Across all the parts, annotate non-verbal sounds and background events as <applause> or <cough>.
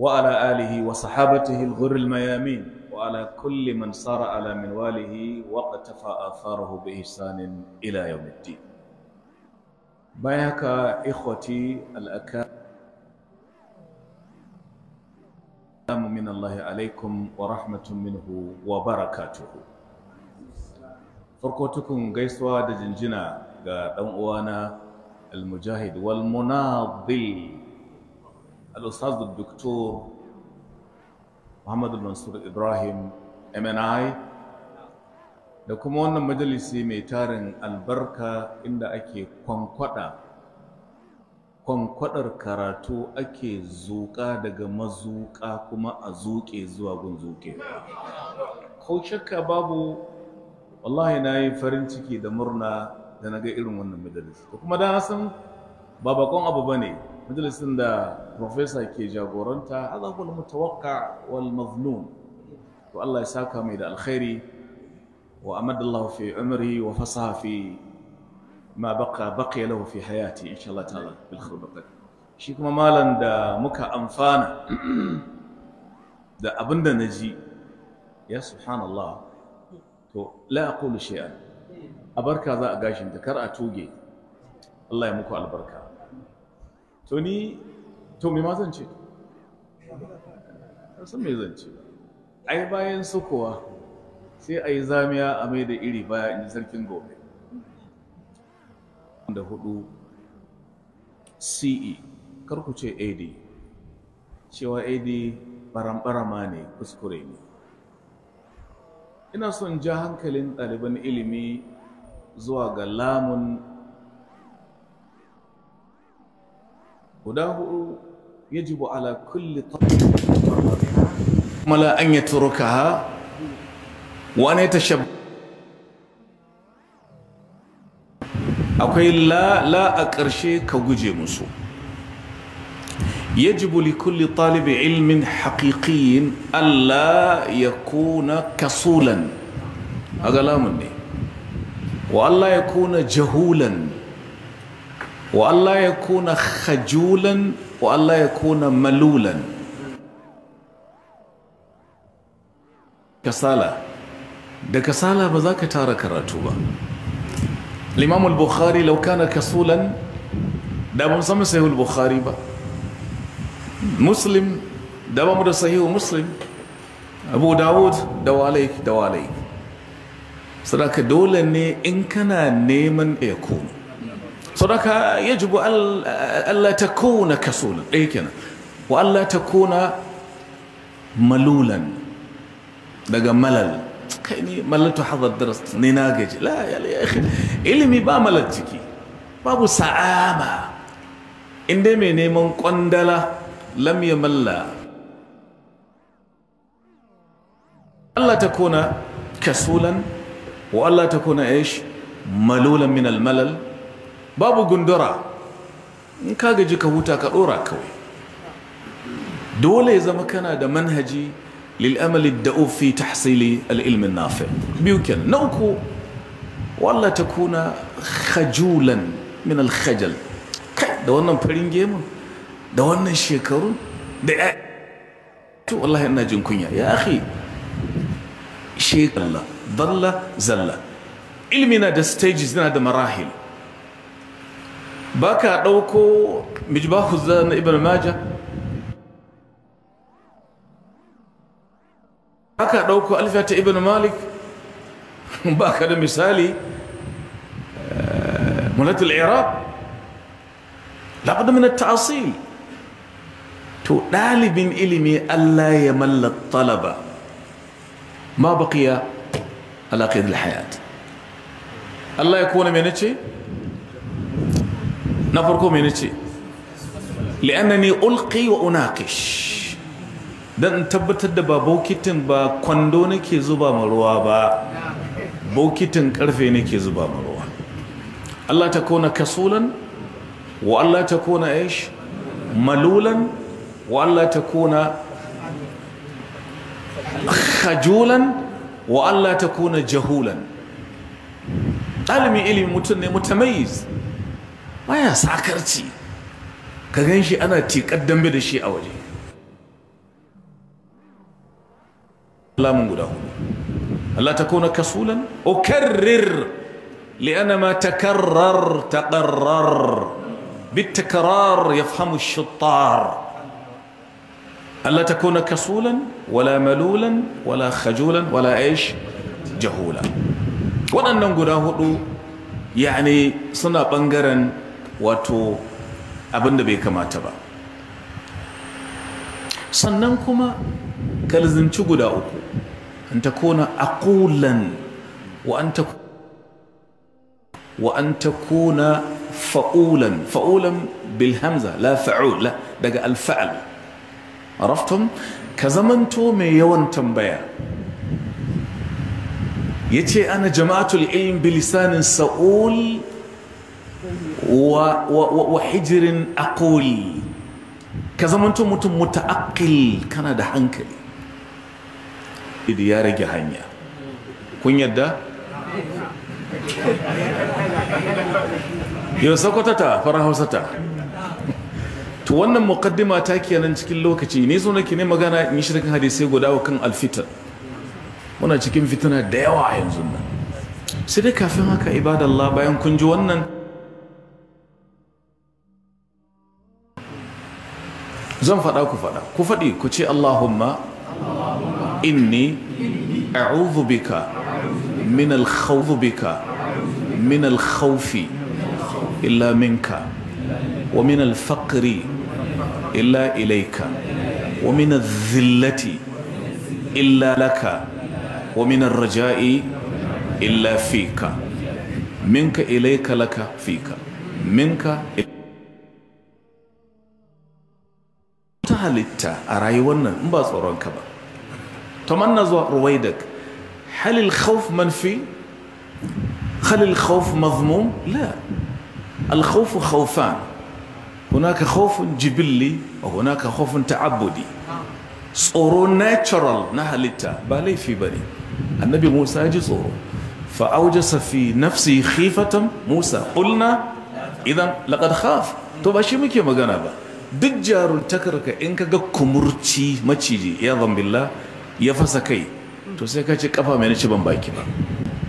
وعلى آله وصحابته الغر الميامين وعلى كل من صار على منواله واقتفى آثاره بإحسان إلى يوم الدين بياك إخوتي الأكرام من الله عليكم ورحمة منه وبركاته فرقوتكم قيسوا دجنجنا قد أموانا المجاهد والمناضل الاستاذ الدكتور محمد المنصور ان MNI da kuma wannan majalisi mai tarin albarka inda ake kwankwada kwankwadar karatu ake zuka daga mazuka kuma a zuke zuwa gun zuke ko shakka babu wallahi na yi farin ciki da murna da na ga irin wannan majalisi kuma da na san ba bakon abu ba ne majalisin da profesa ke jagoranta azabul mutawakka wal mazlum to Allah ya saka mai da alkhairi wa amadallahu fi umri wa fasaha fi ma baqa baqiya lahu fi hayati insha Allah ta'ala bil khair shi kuma malan da muka amfana da abinda naji ya subhanallah to la aqulu shay'an abarka za a gashin da kar a tuge Allah ya muku albarka to ni ma zan ce Sun me zan ce ai bayan su kuwa sai a yi zamiya a mai da iri baya in sarkin gobe da hudu e. ce karku ce ad cewa ad barambarama ne kuskure ne ina son ja hankalin ɗaliban ilimi zuwa ga lamun guda hudu yajibu ala kulli mala an yatrukaha wa an yatashab akwai la la a ƙarshe ka guje musu يجب لكل طالب علم حقيقي ألا يكون كسولا هذا لا مني وألا يكون جهولا wa Allah ya kuna khajulan wa Allah ya kuna malulan kasala da kasala ba za ka tara karatu ba limamu al-bukhari lau kana kasulan da ba musamman sahihul bukhari ba muslim da ba mu da sahihu muslim abu dawud da walai da walai sadaka dole ne in kana neman ya kuma sadaka yajibu Allah ta kona kasulan ɗaya kenan wa Allah ta kona malulan daga malal kai ne malaltu hazar daras ne na gaji ilimi ba malar ciki babu sa'ama inda mai neman kwandala lamya malla Allah ta kona kasulan wa Allah ta kona ish malulan min almalal babu gundura in ka gaji ka huta ka dora kawai dole ya zama kana da manhaji للأمل الدؤوب في تحصيل العلم النافع بيمكن نوكو ولا تكون خجولا من الخجل da wannan farin gemu da wannan shekaru da ya to wallahi ina jin kunya ya akhi shekalla dalla zalla ilmina da stages na da marahil باكا دوكو مجباه زان ابن ماجه باكا دوكو الفات ابن مالك <laughs> باكا مثالي آه، مولات العراق لابد من التعصيل تو طالب علم الا يمل الطلب ما بقي على قيد الحياه الله يكون من na farko mai nace li'annani ulqi wa unaqish dan tabbatar da ba bokitin ba kwando nake zuba maruwa ba bokitin karfe nake zuba ma Allah ta kona kasulan wa Allah ta kona ish, malulan wa Allah ta kona khajulan wa Allah ta kona jahulan ɗalibin ilimin mutum ne mutamayiz baya sakarci ka gan shi ana tikar dambe da shi a waje lamun guda hudu Allah ta kona kasulan ukarrir li'ana ma takarrar taqarrar guda يفهم الشطار ألا تكون كسولا wato abin da bai kamata ba sannan kuma kalzinci guda uku an ta kona akulan wa an ta kona fa'ulan fa'ulan bilhamza la fa'ula daga alfa'al araftun ka zamanto mai yawan tambaya ya ce ana jama'atul ilm bilisanin sa'ul وحجر أقول aqul ka متم mutum كان kana da hankali idi ya rage hanya kun yadda yau sakwata ta fara ta wannan muqaddima ta kenan cikin lokaci ne so nake ne magana in yi shirin hadisai guda wa kan alfitan muna cikin fitina da yawa yanzu nan sai dai kafin haka ibadallah bayan kun ji wannan zan faɗa ku faɗa ku faɗi ku ce Allahumma inni a'udhu bika min al-khawdh bika min al-khawfi illa minka wa min al-faqri illa ilayka wa min adh-dhillati illa laka wa min ar-raja'i illa fika minka ilayka laka fika minka halitta a rayuwar nan in ba tsoronka ba ta manna zuwa ruwaidak halil khauf manfi halil khauf mazmum la al khauf khaufan hunaka khaufun jibilli wa hunaka khaufun ta'abbudi tsoro natural na halitta ba laifi ba ne annabi musa ji tsoro fa'aujasa fi nafsi khifatan musa qulna idan laqad khaf to ba shi muke magana ba duk jarumtakar ka in ka ga kumurci maciji ya zambilla ya fasa kai to sai ka ce kafa mai ci ban baki ba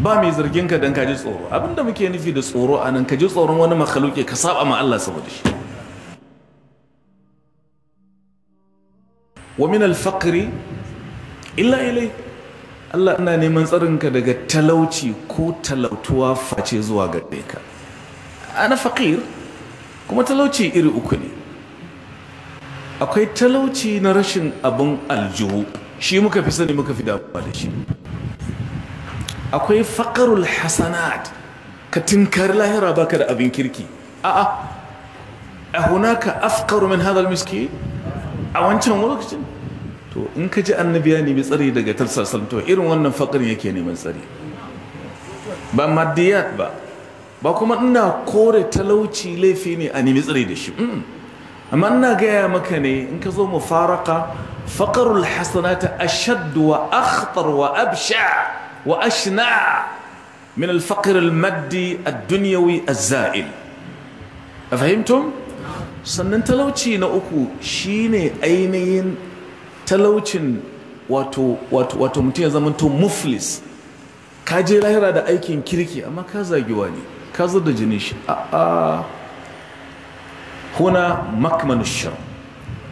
ba mai zargin ka dan ka ji tsoro abinda muke nufi da tsoro a nan ka ji tsoron wani makhluki ka saba ma Allah saboda shi wa min al-faqr illa ilay Allah ina neman tsarinka daga talauci ko talautuwa face zuwa gare ka ana faqir kuma talauci iri uku ne akwai talauci na rashin abin aljihu shi muka fi sani muka fi damuwa da shi akwai faƙarul hasanat ka tinkari lahira baka da abin kirki a'a a hunaka afkaru min hadal miski a wancan lokacin to in ka ji annabi ya nemi tsari daga tarsasal to irin wannan fakar yake neman tsari ba maddiyat ba ba kuma ina kore talauci laifi ne a nemi tsari da shi mm. amma ina gaya maka ne in ka zo mu faraka faƙarul hasanata ashaddu wa akhtar wa absha wa ashna min alfaqir almaddi ad-dunyawi az-za'il afahimtum sannan talauci na uku shine ainihin talaucin wato wato wato mutum ya zamanto muflis ka je lahira da aikin kirki amma ka zagi wani ka zo da jini shi a'a huna makmanus shar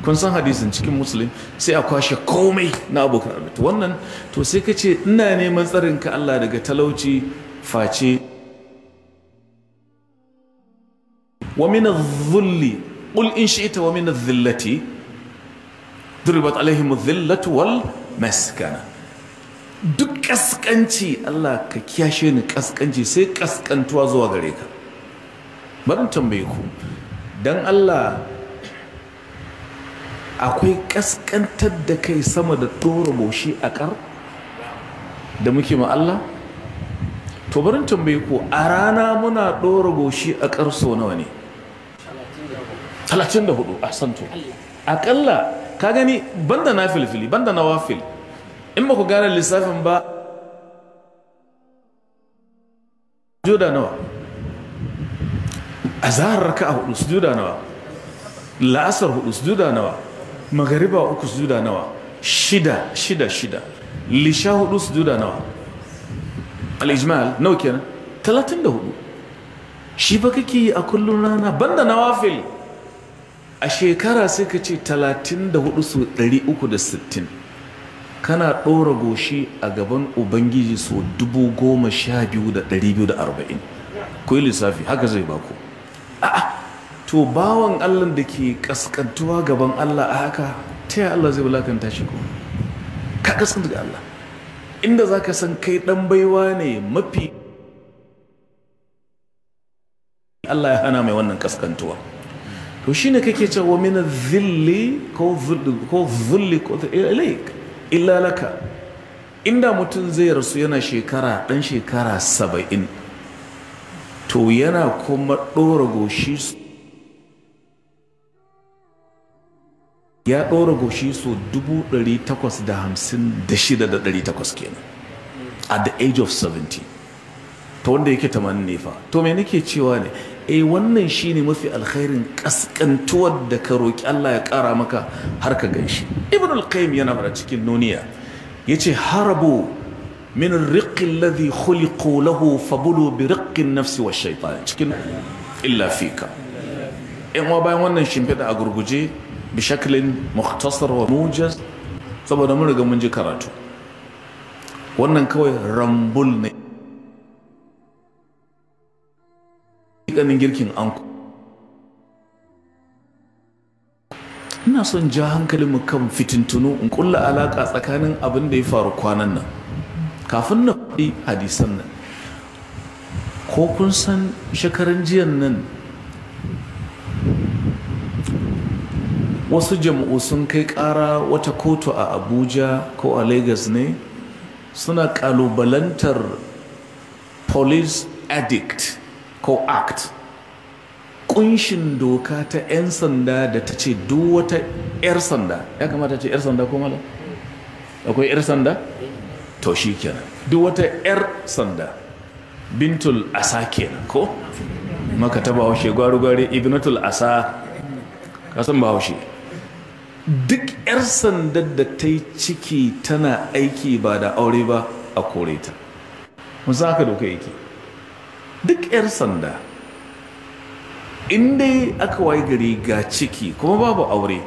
kun san hadisin cikin musulun sai a kwashe komai na abokan arziki wannan to sai ka ce ina neman tsarin ka Allah daga talauci face wa min adh-dhulli qul in shi'ta wa min adh-dhillati duribat alaihim adh-dhillatu wal maskana duk kaskanci Allah ka kiyashe ni kaskanci sai kaskantuwa zuwa gare ka bari tambaye ku don Allah akwai kaskantar da kai sama da ɗora goshi a ƙar da muke ma Allah to barin tambaye ku a rana muna ɗora goshi a ƙar so nawa ne 34 a santo aƙalla ka gani banda na filfili banda na wafil in ba ku gane lissafin ba juda nawa raka a hudu sujuda nawa la'asar hudu sujuda nawa magariba uku sujuda nawa shida shida shida lisha hudu sujuda nawa al-ijmal nawa kenan Talatin da hudu. shi ba kake yi a kullum rana banda nawafil a shekara sai ka ce talatin da hudu su sittin. kana ɗora goshi a gaban ubangiji su arba'in ku yi lissafi haka zai baku to bawan allah da ke kaskantuwa gaban allah a haka ta yi allah zai wulakanta shi ko ka kaskanta ga allah inda za ka san kai ɗan baiwa ne mafi allah ya hana mai wannan kaskantuwa to shi ne kake cewa mina zilli ko zulli ko ilaik inda mutum zai rasu yana shekara ɗan shekara saba'in to yana kuma ɗora goshi ya ɗora goshi so takwas kenan at the age of 70 ta wanda yake tamanin ne fa to me nake cewa ne eh wannan shine mafi alkhairin kaskantuwar da ka roƙi Allah ya ƙara maka har ka ganshi ibn al-qayyim yana fara cikin nuniya yace harabu min riƙi alladhi khuliqu lahu fabulu bi riqqin nafsi wa shaitan cikin illa fika in bayan wannan shimfiɗa a gurguje bi shaklin mukhtasar wa mujas saboda mun riga mun ji karatu wannan kawai rambul ne ganin ina son ja hankali mu kan fitintunu in ƙulla alaƙa tsakanin abin da ya faru kwanan nan kafin na faɗi hadisan nan ko kun san shekaran jiyan nan wasu jama'u sun kai ƙara wata kotu a abuja ko a lagos ne suna ƙalubalantar police addict ko act kunshin doka ta 'yan sanda da ta ce duk wata 'yar sanda ya kamata ce 'yar sanda ko mala akwai 'yar sanda to shi kenan duk wata 'yar sanda bintul asa kenan ko maka ta bahaushe gwari-gwari ibnatul asa kasan bahaushe duk 'yar sanda da ta ciki tana aiki ba da aure ba a kore ta musa ka doka yake duk 'yar sanda inda aka waye gari ga ciki kuma babu aure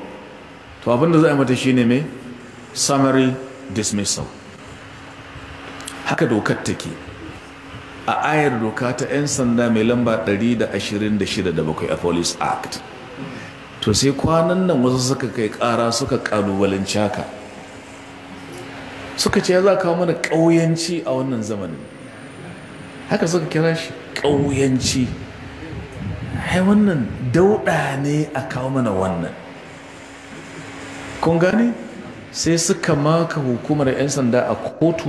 to abinda za a mata shi shine mai summary dismissal haka dokar take a ayar doka ta 'yan sanda mai lamba 126 a police act to sai kwanan nan wasu suka kai kara suka walin caka. suka ce za kawo mana ƙauyanci a wannan zamanin haka suka kira shi ƙauyanci hai wannan dauɗa ne a kawo mana wannan kun gane sai suka maka hukumar 'yan sanda a kotu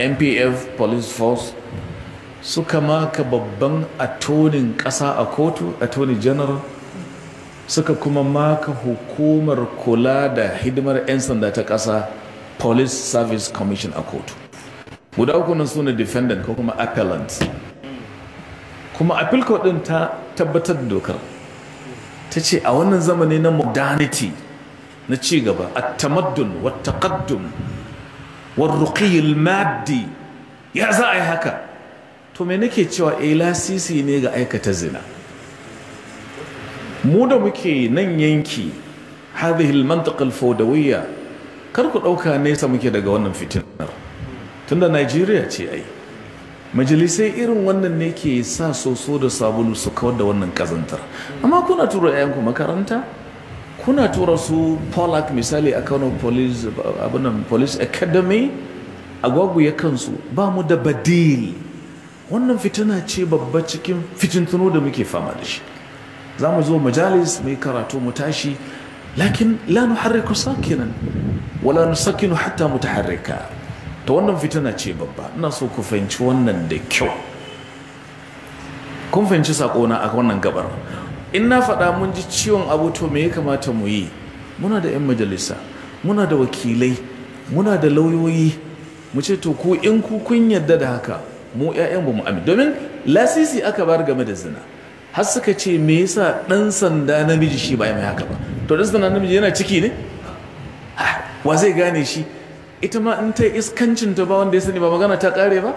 npf police force suka maka babban atonin ƙasa a kotu attorney general suka kuma maka hukumar kula da hidimar 'yan sanda ta ƙasa police service commission a kotu guda uku suna defendant ko kuma appellant kuma appeal court din ta tabbatar da dokar ta ce a wannan zamani na modernity na cigaba a tamaddun wa taqaddum والرقي المادي ya za a yi haka to me nake cewa eh lasisi ne ga aikata zina mu da muke nan yanki المنطقه الفودويه كركو دوكا نيسا kar ku nesa muke daga wannan fitinar tunda Najeriya ce ai majalisai irin wannan ne ke sa soso da sabulu su kawar da wannan kazantar amma kuna tura 'ya'yanku makaranta kuna tura su polak misali a kano police police academy agwagu ya kansu ba mu da badil wannan fitina ce babba cikin fitintunu da muke fama da shi za mu zo majalis mai karatu mu tashi lakin la nuharriku sakinan wala sakinu hatta mu ta wannan fitina ce babba ina so ku fahimci wannan da kyau kun fahimci sako na a wannan gabar in na faɗa mun ji ciwon abu to me ya kamata mu yi muna da 'yan majalisa muna da wakilai muna da lauyoyi mu ce to ko in ku kun yadda da haka mu 'ya'yan ba mu amin domin lasisi aka bar game da zina har suka ce me yasa ɗan sanda namiji shi ba mai haka ba to ɗan sanda namiji yana ciki ne ah, wa zai gane shi ita ma in ta iskancin ta ba wanda ya sani ba magana ta ƙare ba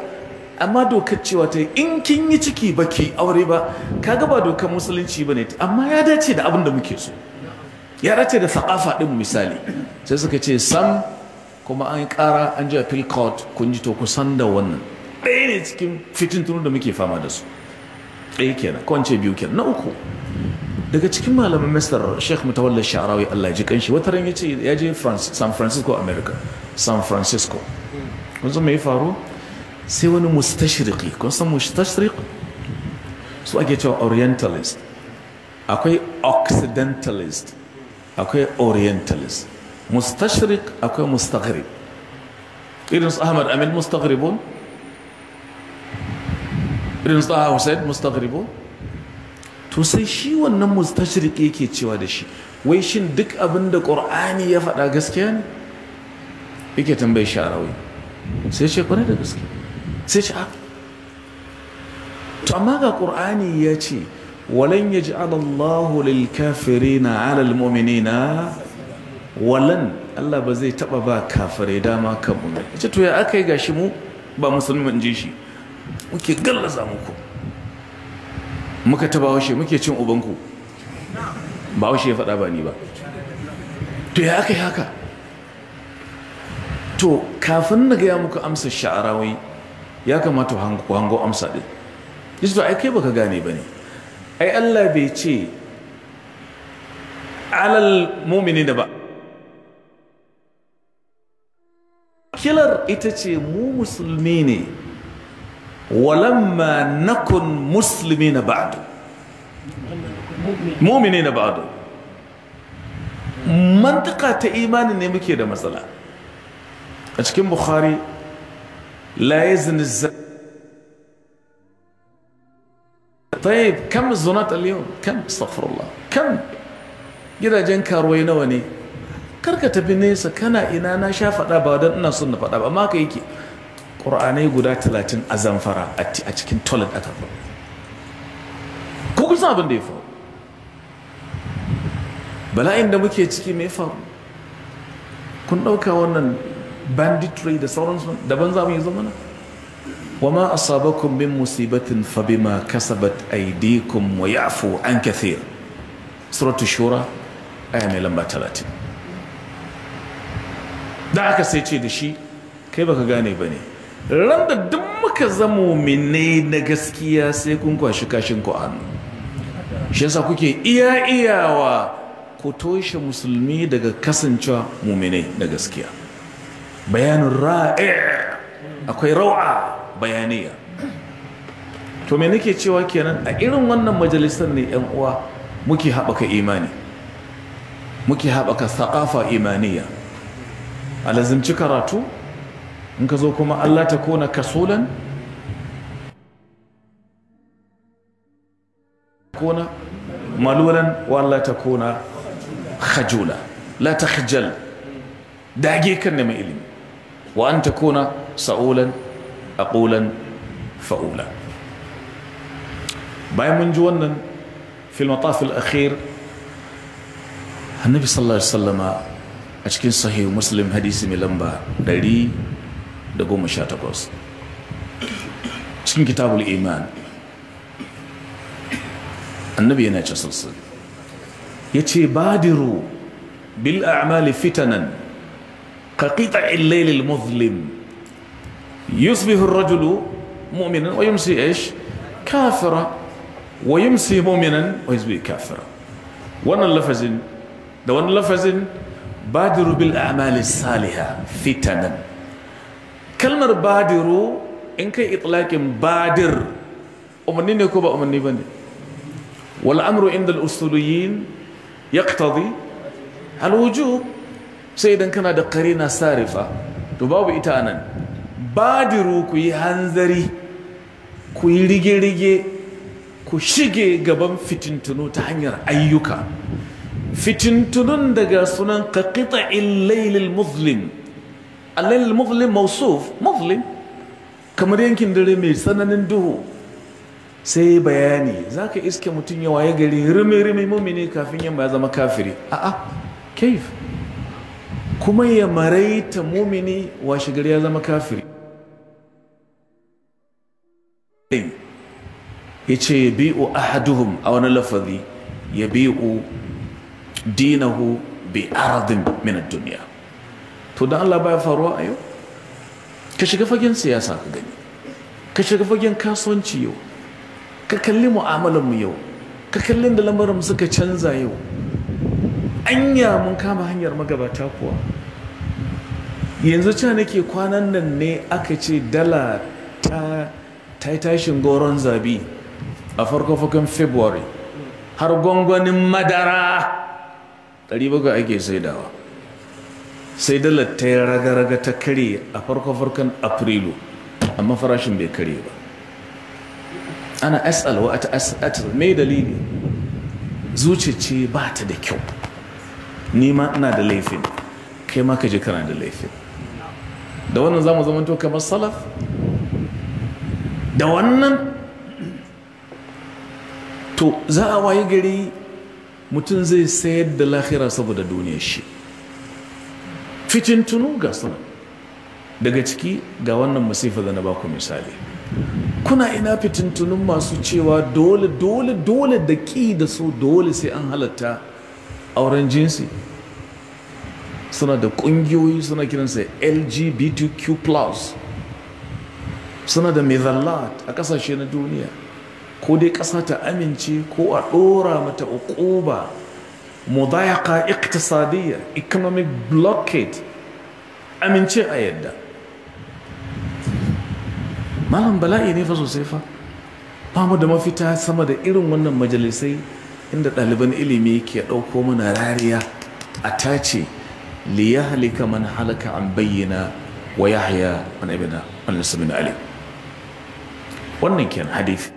amma dokar cewa ta in kin yi ciki baki aure ba kaga ba dokar musulunci ba ne amma ya dace da abin da muke so ya dace da sakafa ɗin misali sai suka ce sam kuma an ƙara an ji fil court kun ji to kusan da wannan ɗaya ne cikin fitin da muke fama da su ɗaya kenan ko ce biyu kenan na uku daga cikin malamin Mr. Sheikh Mutawalla Sha'rawi Allah ji kanshi wata ran ya ce ya je San Francisco America San Francisco kun san ya faru sai wani mustashriqi kun san mustashriq su ake cewa orientalist akwai occidentalist akwai orientalist mustashriq akwai mustaghrib irin su Ahmad Amin mustaghribun irin su Ahmad Hussein mustaghribun to sai shi wannan mustashriq yake cewa da shi wai shin duk abin da ƙor'ani ya faɗa gaskiya ne yake tambayi sharawi sai shekwane da gaskiya sai ce a ah. to amma ga ƙur'ani ya ce walan ya ji alallahu lilkafiri na alal na walan Allah ba zai taɓa ba kafirai dama kan mu'min ya ce to ya aka yi gashi mu ba musulmi in ji shi muke gallaza muku muka ta bahaushe muke cin ubanku bahaushe ya faɗa ba ni ba to ya aka yi haka to kafin na gaya muku amsa sha'arawai ya kamata ku hango amsa ɗin ce to ai kai baka gane ba ne ai allah bai ce alal mumini da ba kilar ita ce mu musulmi ne walamma nakun musulmi na ba'adu mumini na ba'adu mantaka ta imani ne muke da matsala a cikin bukhari لا يزن الزنا طيب كم الزنات اليوم كم استغفر الله كم gidajen karuwai nawa ne karka tafi nesa kana ina na sha faɗa ba don ina son na faɗa ba amma ka yake ƙur'anai guda talatin a zamfara a cikin toilet aka faɗa ko kun abin da ya faru bala'in da muke ciki me faru kun ɗauka wannan banditry da sauransu daban za mu yi zamana ma asabakum min musibatin fa bima kasabat aydikum wa yafu an kathir suratu shura aya mai lamba 30 da aka sai ce da shi kai baka gane ne ran da duk muka zama minne na gaskiya sai kun kwashi kashin ku hannu shi yasa kuke iya iyawa ku toshe musulmi daga kasancewa muminai na gaskiya bayanin ra'e akwai rawa bayaniya to me nake cewa kenan a irin wannan majalisar ne yan uwa muke haɓaka imani muke haɓaka saƙafa imaniya a lazimci karatu in ka zo kuma allah ta kona kasolan kona malolan wa allah ta kona hajjula la ta dage kan nema ilimi wa an takuna sa'ulan aqulan fa'ula bayan mun ji wannan fil mataf al akhir annabi sallallahu alaihi wasallama a cikin sahih muslim hadisi mai lamba 118 cikin kitabul iman annabi yana ce sallallahu yace badiru bil a'mali fitanan كقطع الليل المظلم يصبح الرجل مؤمنا ويمسي ايش كافرا ويمسي مؤمنا ويصبح كافرا وانا لفظ ده وانا لفظ بادر بالاعمال الصالحه فتنا كلمه بادر ان كان اطلاق بادر امني نكوبا امني بني والامر عند الاصوليين يقتضي الوجوب sai idan kana da na sarifa to babu ita anan badiru ku yi hanzari ku yi rige-rige ku shige gaban fitintunu ta hanyar ayyuka fitintunun daga sunan ka kita illailil muslim allailil muslim mausuf muslim kamar yankin dare mai tsananin duhu sai bayani za ka iske mutum ya waye gari rumi rime mummini kafin yamma ya zama kafiri a'a kaif kuma ya maraita mumini wa shigar ya zama kafiri ya ce ya bi'u ahaduhum a wani lafazi ya bi'u dinahu bi aradin minar duniya to don Allah baya faruwa a yau ka shiga fagen siyasa ka gani ka shiga fagen kasuwanci yau ka kalli mu'amalanmu yau ka kalli da lamarin suka canza yau anya mun kama hanyar magabata kuwa yanzu can nake kwanan nan ne aka ce dala ta taitashin goron zabi a farko farkon february har gwangwanin madara 700 ake saidawa sai dala ta yi raga-raga ta kare a farko farkon afrilu amma farashin bai kare ba ana asal wa ta asal mai dalili ce ba ta da kyau nima ma ina da laifin kai ma ka je kana da laifin da wannan za mu zamanto kamar salaf da wannan to za a wayi gari mutum zai sayar da lahira saboda duniya shi fitin tunu ga suna daga ciki ga wannan masifa da na baku misali kuna ina tunun masu cewa dole dole dole da ƙi da su dole sai an halatta auren jinsi suna da ƙungiyoyi suna kiransa lgbtq plus suna da zallat a ƙasashe na duniya ko dai ƙasa ta amince ko a ɗora mata uquba mudayaka iktisadiyya economic blockade amince a yadda malam bala'i ne fa sosai fa ba mu da mafita sama da irin wannan majalisai inda ɗaliban ilimi ke ɗauko mana rariya a tace ليهلك من هلك عن بينه ويحيى من ابنه من لسه من عليه wannan kenan hadisi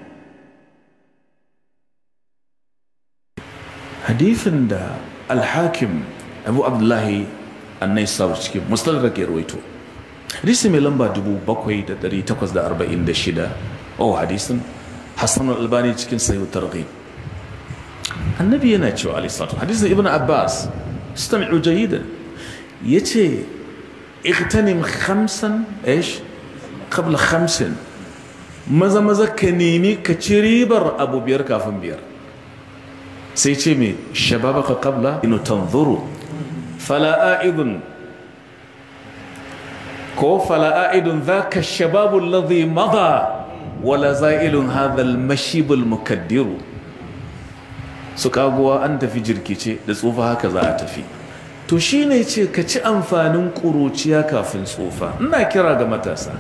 hadisin da alhakim abu abdullahi annai sau cikin mustadrak ya ruwaito hadisi mai lamba 7846 oh hadisin hassan albani cikin sahihu targhib annabi yana cewa alaihi salatu hadisin ibnu abbas استمعوا جيدا ya ce iktanim hamsin ish kabla hamsin maza maza ka nemi ka ci ribar abu biyar kafin biyar sai ce mai shababaka kabla inu tanzuru fala'a'idun ko fala'a'idun za ka shababun lazi maza wala za'ilun hadhal mashibul mukaddiru su kaguwa an tafi jirkice da tsufa haka za a tafi to shi ne ce ka ci amfanin ƙuruciya kafin tsufa ina kira ga matasa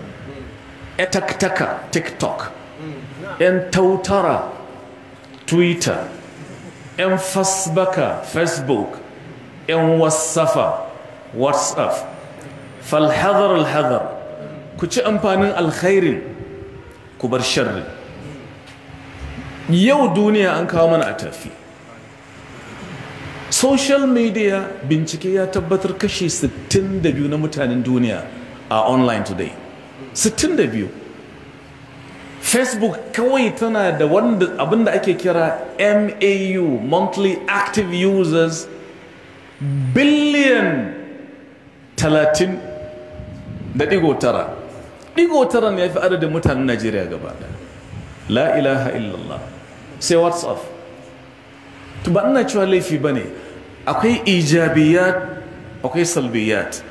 ya taktaka tiktok yan tautara twitter yan fasbaka facebook yan wasafa whatsapp falhazar alhazar ku ci amfanin alkhairin ku bar sharri yau duniya an kawo mana a tafi social media bincike ya tabbatar kashi 62 na mutanen duniya a online today 62 facebook kawai tana da wanda abinda ake kira mau monthly active users billion 30 da digo tara digo tara ne ya fi adadin mutanen najeriya gaba da la ilaha illallah sai whatsapp to ba ina cewa laifi ba ne akwai ijabiyat akwai salbiyat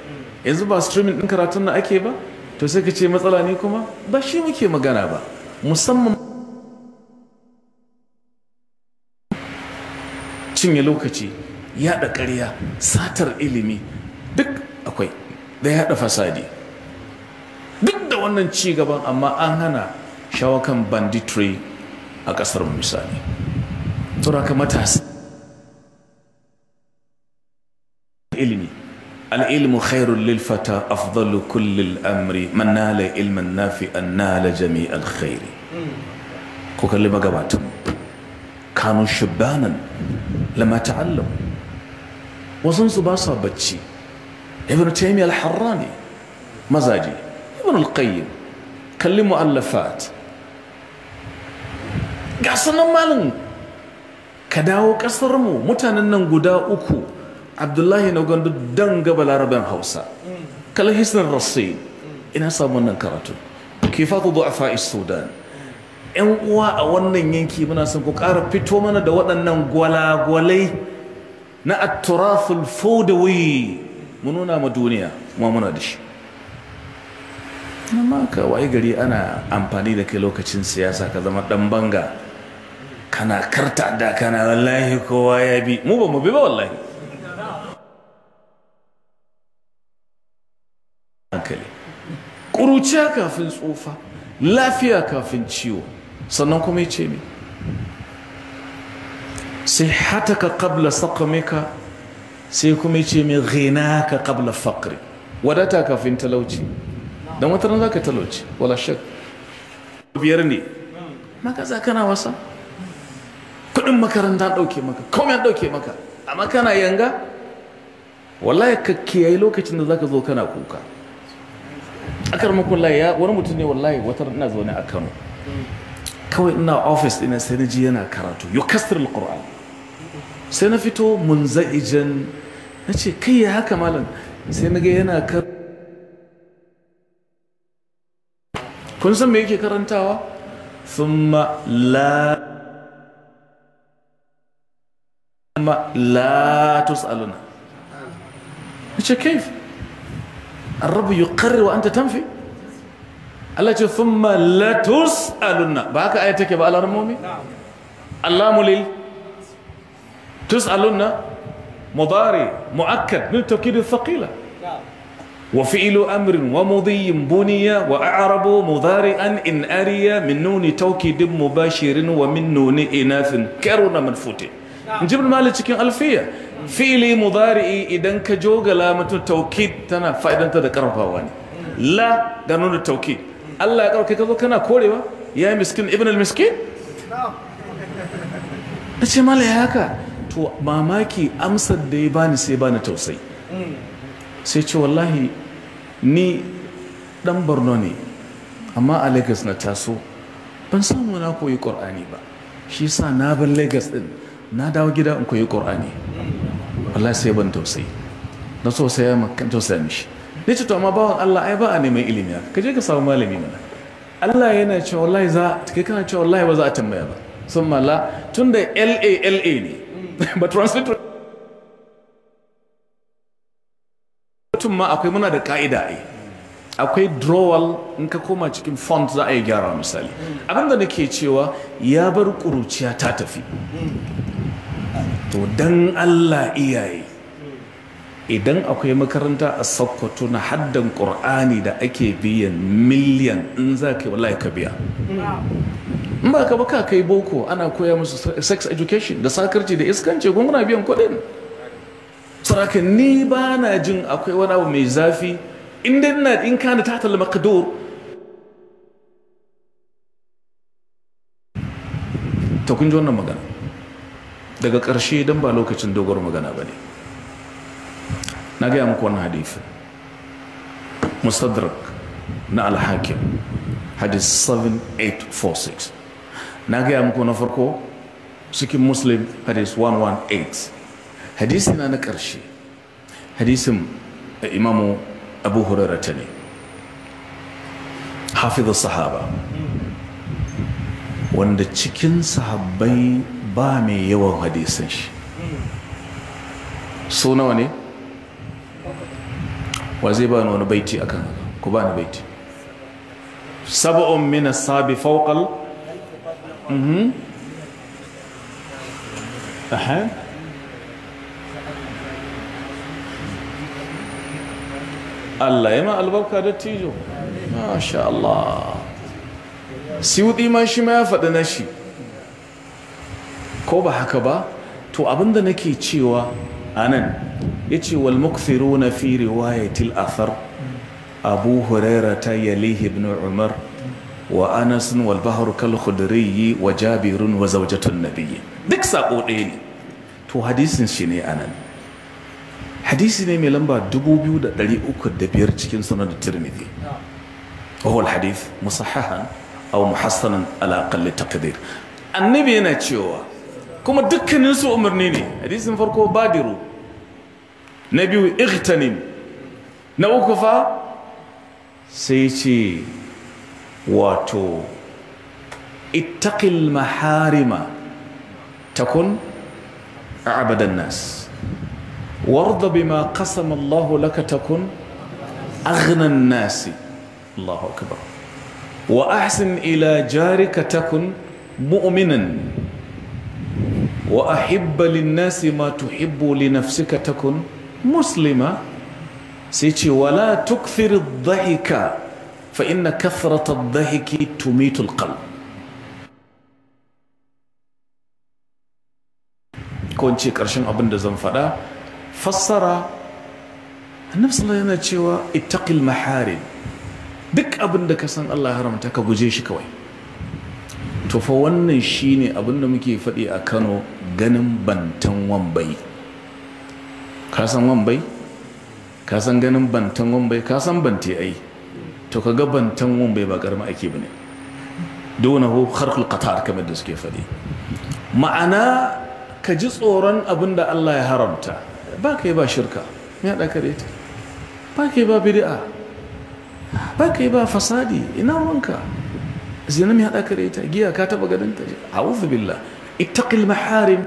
yanzu ba streaming din karatun na ake ba to sai ka ce matsala ne kuma ba shi muke magana ba musamman cinye lokaci yaɗa karya satar ilimi duk akwai da yaɗa fasadi duk da wannan ci gaban amma an hana shawakan banditry a ƙasar misali. Tura ka matasa. ilimi al'ilmu khairun lilfata afdalu kullil amri man nala ilmin nafi an nala jami'al khairi hmm. ku kalli magabatan kanun shubbanan lama ta'allam wasansu ba sa bacci ibn taimi al-harrani mazaji ibn al-qayyim kalli mu'allafat ga sanan malin ka dawo mu mutanen nan guda uku abdullahi na gandu dan gaba laraben hausa kala hisnan rasi ina samun nan karatu a du'afa sudan yan uwa a wannan yanki muna sun ku ƙara fito mana da waɗannan gwalagwalai na at-turathul fawdawi mu nuna ma duniya ma muna da shi Na ka wai gari ana amfani da kai lokacin siyasa ka zama ɗan banga kana karta da kana wallahi kowa ya bi mu ba mu bi ba wallahi kuruciya kafin tsufa lafiya kafin ciwo sannan kuma ya ce ne sai hataka ƙabla sakamika sai kuma ya ce mai ghina ka ƙabla faƙri wadata kafin talauci don wata za ka talauci wala shak biyar ne maka za kana wasa kudin makaranta ɗauke maka ya ɗauke maka amma kana yanga wallahi ka kiyaye lokacin da za ka zo kana kuka akar layi ya wani mutum ne wallahi wata ina zaune a Kano kawai ina office ina sai na ji yana karatu yukasir alquran sai na fito munzaijan ce kai ya haka malam sai na ga yana kar kun san me yake karantawa thumma la thumma la tusaluna ce kaif الرب يقرر وأنت تنفي الله يقول ثم لتسألن بهاك آيتك يا بقى المؤمن نعم. الله لل تسألن مضاري مؤكد من توكيد الثقيلة نعم. وفعل أمر ومضي بني وأعرب مضارئا إن أري من نون توكيد مباشر ومن نون إناث كرنا منفوت jibin mali cikin alfiya fili mudari'i idan ka jogala mutum taukid tana fa'idanta da karfafawa ne la ga nuna taukid Allah ya karfe ka zo kana korewa ya miskin ibn al ce mala ya haka to mamaki amsar da ya bani sai bani tausayi sai ce wallahi ni dan barno ne amma a Legas na taso ban samu na koyi ƙor'ani ba shi sa na bar Legas din na dawo gida in koyi ƙorani Allah sai ban tausayi na so tausaya makan tausaya mishi ne ce to amma bawan Allah ai ba a neman ilimi ka je ka samu malami mana Allah yana cewa wallahi za kai kana cewa wallahi ba za a tambaya ba sun mala tun da LALA ne <laughs> ba translate mutum ma akwai muna da ka'ida ai akwai drawal in ka koma cikin font za a yi gyara misali abinda nake cewa ya bar kuruciya ta tafi to dan Allah iyaye idan akwai makaranta a sokoto na haddan Kur'ani da ake biyan miliyan in za ka yi wallahi ka biya in ba ka baka kai boko ana koya musu sex education da sakarci da iskance gunguna biyan kuɗin saraka ni ba na jin akwai wani abu mai zafi in dai na in kana tatal maqdur Ta kun ji wannan magana daga ƙarshe don ba lokacin dogon magana ba ne na gaya muku wani hadifi Musadrak na alhakim hadis 7846 na gaya muku na farko cikin muslim hadis 118 hadisi na na ƙarshe hadisin eh, imamu abu hurara ta ne hafizu sahaba wanda cikin sahabbai ba mai yawan hadisun shi su nawa ne wa zai ba wani baiti akan ku ba ni baiti sab'un mina sabi fawqal mhm aha Allah ya ma albarka da tijo masha Allah siwuɗi ma shi ma ya faɗi na shi ko ba haka ba to abinda nake cewa a anan ce wal na firi waye tilafar abu huraira ta yalihi ibn umar wa anasin wal bahr kal khudri wa jabir wa zawjatun nabiy duk sako ɗaya ne to hadisin shi ne anan hadisi ne mai lamba 2305 cikin sunan tirmidhi وهو الحديث musahahan أو muhassanan على أقل annabi yana cewa. كما دك ننسو أمرنيني هذه نفرقه بادرو نبيو اغتنم نوكفا سيتي واتو اتق المحارم تكن عبد الناس وارض بما قسم الله لك تكن أغنى الناس الله أكبر وأحسن إلى جارك تكن مؤمناً wa ahibba linnasi ma tuhibbu li nafsika takun muslima sai ce wala tukthir dhahika fa inna kathrata dhahiki tumitu alqalb ko in ce karshen abin da zan faɗa fassara annabi sallallahu yana cewa ittaqil maharim duk abin da ka san Allah haramta ka guje shi kawai to fa wannan shine abin da muke faɗi a Kano ganin bantan wambai ka san wambai ka san ganin bantan wambai ka san bante ai to ka ga bantan wambai ba karama ake bane dunahu kharqul qatar kamar da suke faɗi ma'ana ka ji tsoron abin da Allah ya haramta ba ka yi ba shirka ya ɗaka da ita ba ka yi ba bid'a ba ka yi ba fasadi ina wanka zina mai haɗa kare ta ita giya ka taɓa ganin ta ce wufi billah ittaqil maharim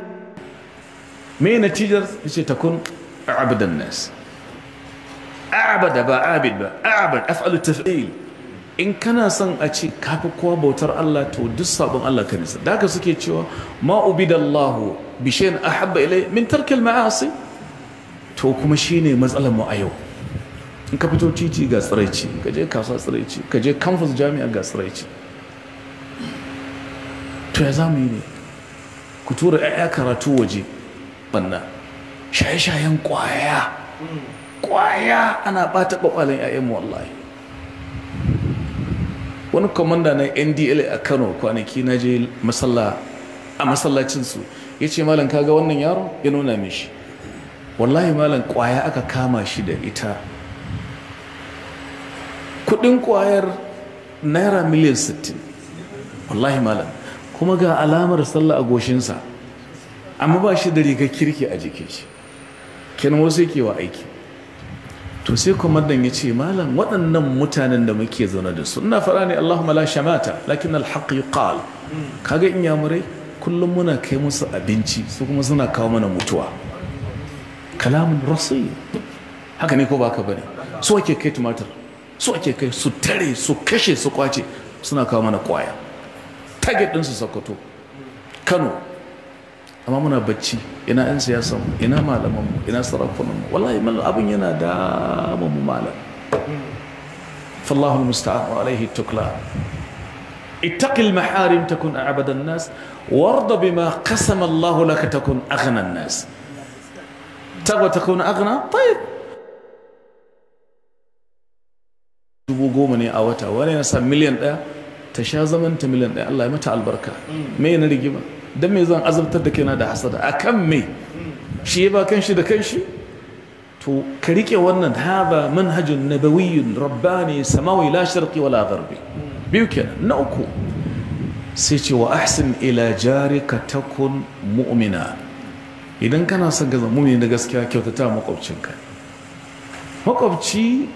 me natijar ce takun a'budan nas a'bada ba abid ba a'bad af'alu taf'il in kana son a ce kafi kowa bautar Allah to duk sabon Allah ka nisa da haka suke cewa ma ubidallahu bi shay'in ahabba ilai min tarkil ma'asi to kuma shine matsalar mu a yau in ka fito titi ga tsiraici ka je kasuwa tsiraici ka je campus jami'a ga tsiraici to ya zamu yi ne ku tura 'ya'ya karatu waje banna shaye-shayen kwaya kwaya ana bata kwakwalen 'ya'yanmu wallahi wani kwamanda na ndla a kano kwanaki na je a masallacinsu ya ce malam kaga wannan yaro ya nuna mishi wallahi malam kwaya aka kama shi da ita kudin kwayar naira miliyan 60 wallahi malam kuma ga alamar sallah a goshinsa amma ba shi da rigar kirki a jikin shi kenan wasu yake wa aiki to sai kwamandan ya ce malam waɗannan mutanen da muke zaune da su ina faɗa ne allahumma la shamata lakin alhaq yuqal kaga in yamurai kullum muna kai musu abinci su kuma suna kawo mana mutuwa kalamun rasul haka ne ko ba ka bane su ake kai tumatir su ake kai su tare su kashe su kwace suna kawo mana kwaya target ɗinsu sokoto kano amma muna bacci ina 'yan siyasan ina malamanmu ina sarakunanmu wallahi mal abin yana damun mu malam fallahu musta'an wa alaihi tukla ittaqil maharim takun a'bada an-nas warda bima qasama Allah laka takun aghna an-nas tagwa takun aghna tayyib dubu goma ne a wata wani yana sa miliyan daya. ta sha zaman ta miliyan ɗaya Allah ya mata albarka me na rigima don me zan azabtar da kaina da hasada a kan me shi ya ba kan da kan to ka rike wannan haɗa manhajin nabawiyyun rabbani samawi la sharqi wala gharbi biyu kenan na uku sai ce wa ahsin ila jarika takun mu'mina idan kana son ga mu'mini da gaskiya kyautata makwabcinka makwabci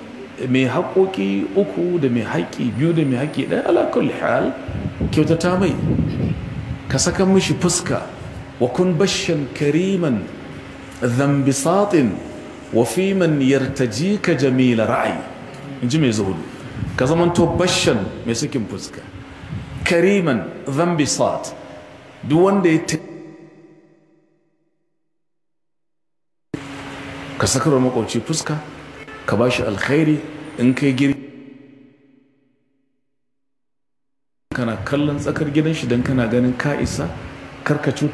mai haƙoƙi uku da mai haƙi biyu da mai haƙi ɗaya ala kulli hal kyautata mai ka saka mishi fuska wa kun bashan kariman dhanbi satin wa fi man yartajika jamila ra'ayi in ji mai zuhudu ka zamanto bashan mai sakin fuska kariman dhanbi sat duk wanda ya ta ka saka sakar makwauci fuska ka bashi alkhairi in kai girki kana kallon tsakar gidan shi don kana ganin ka isa karka cuta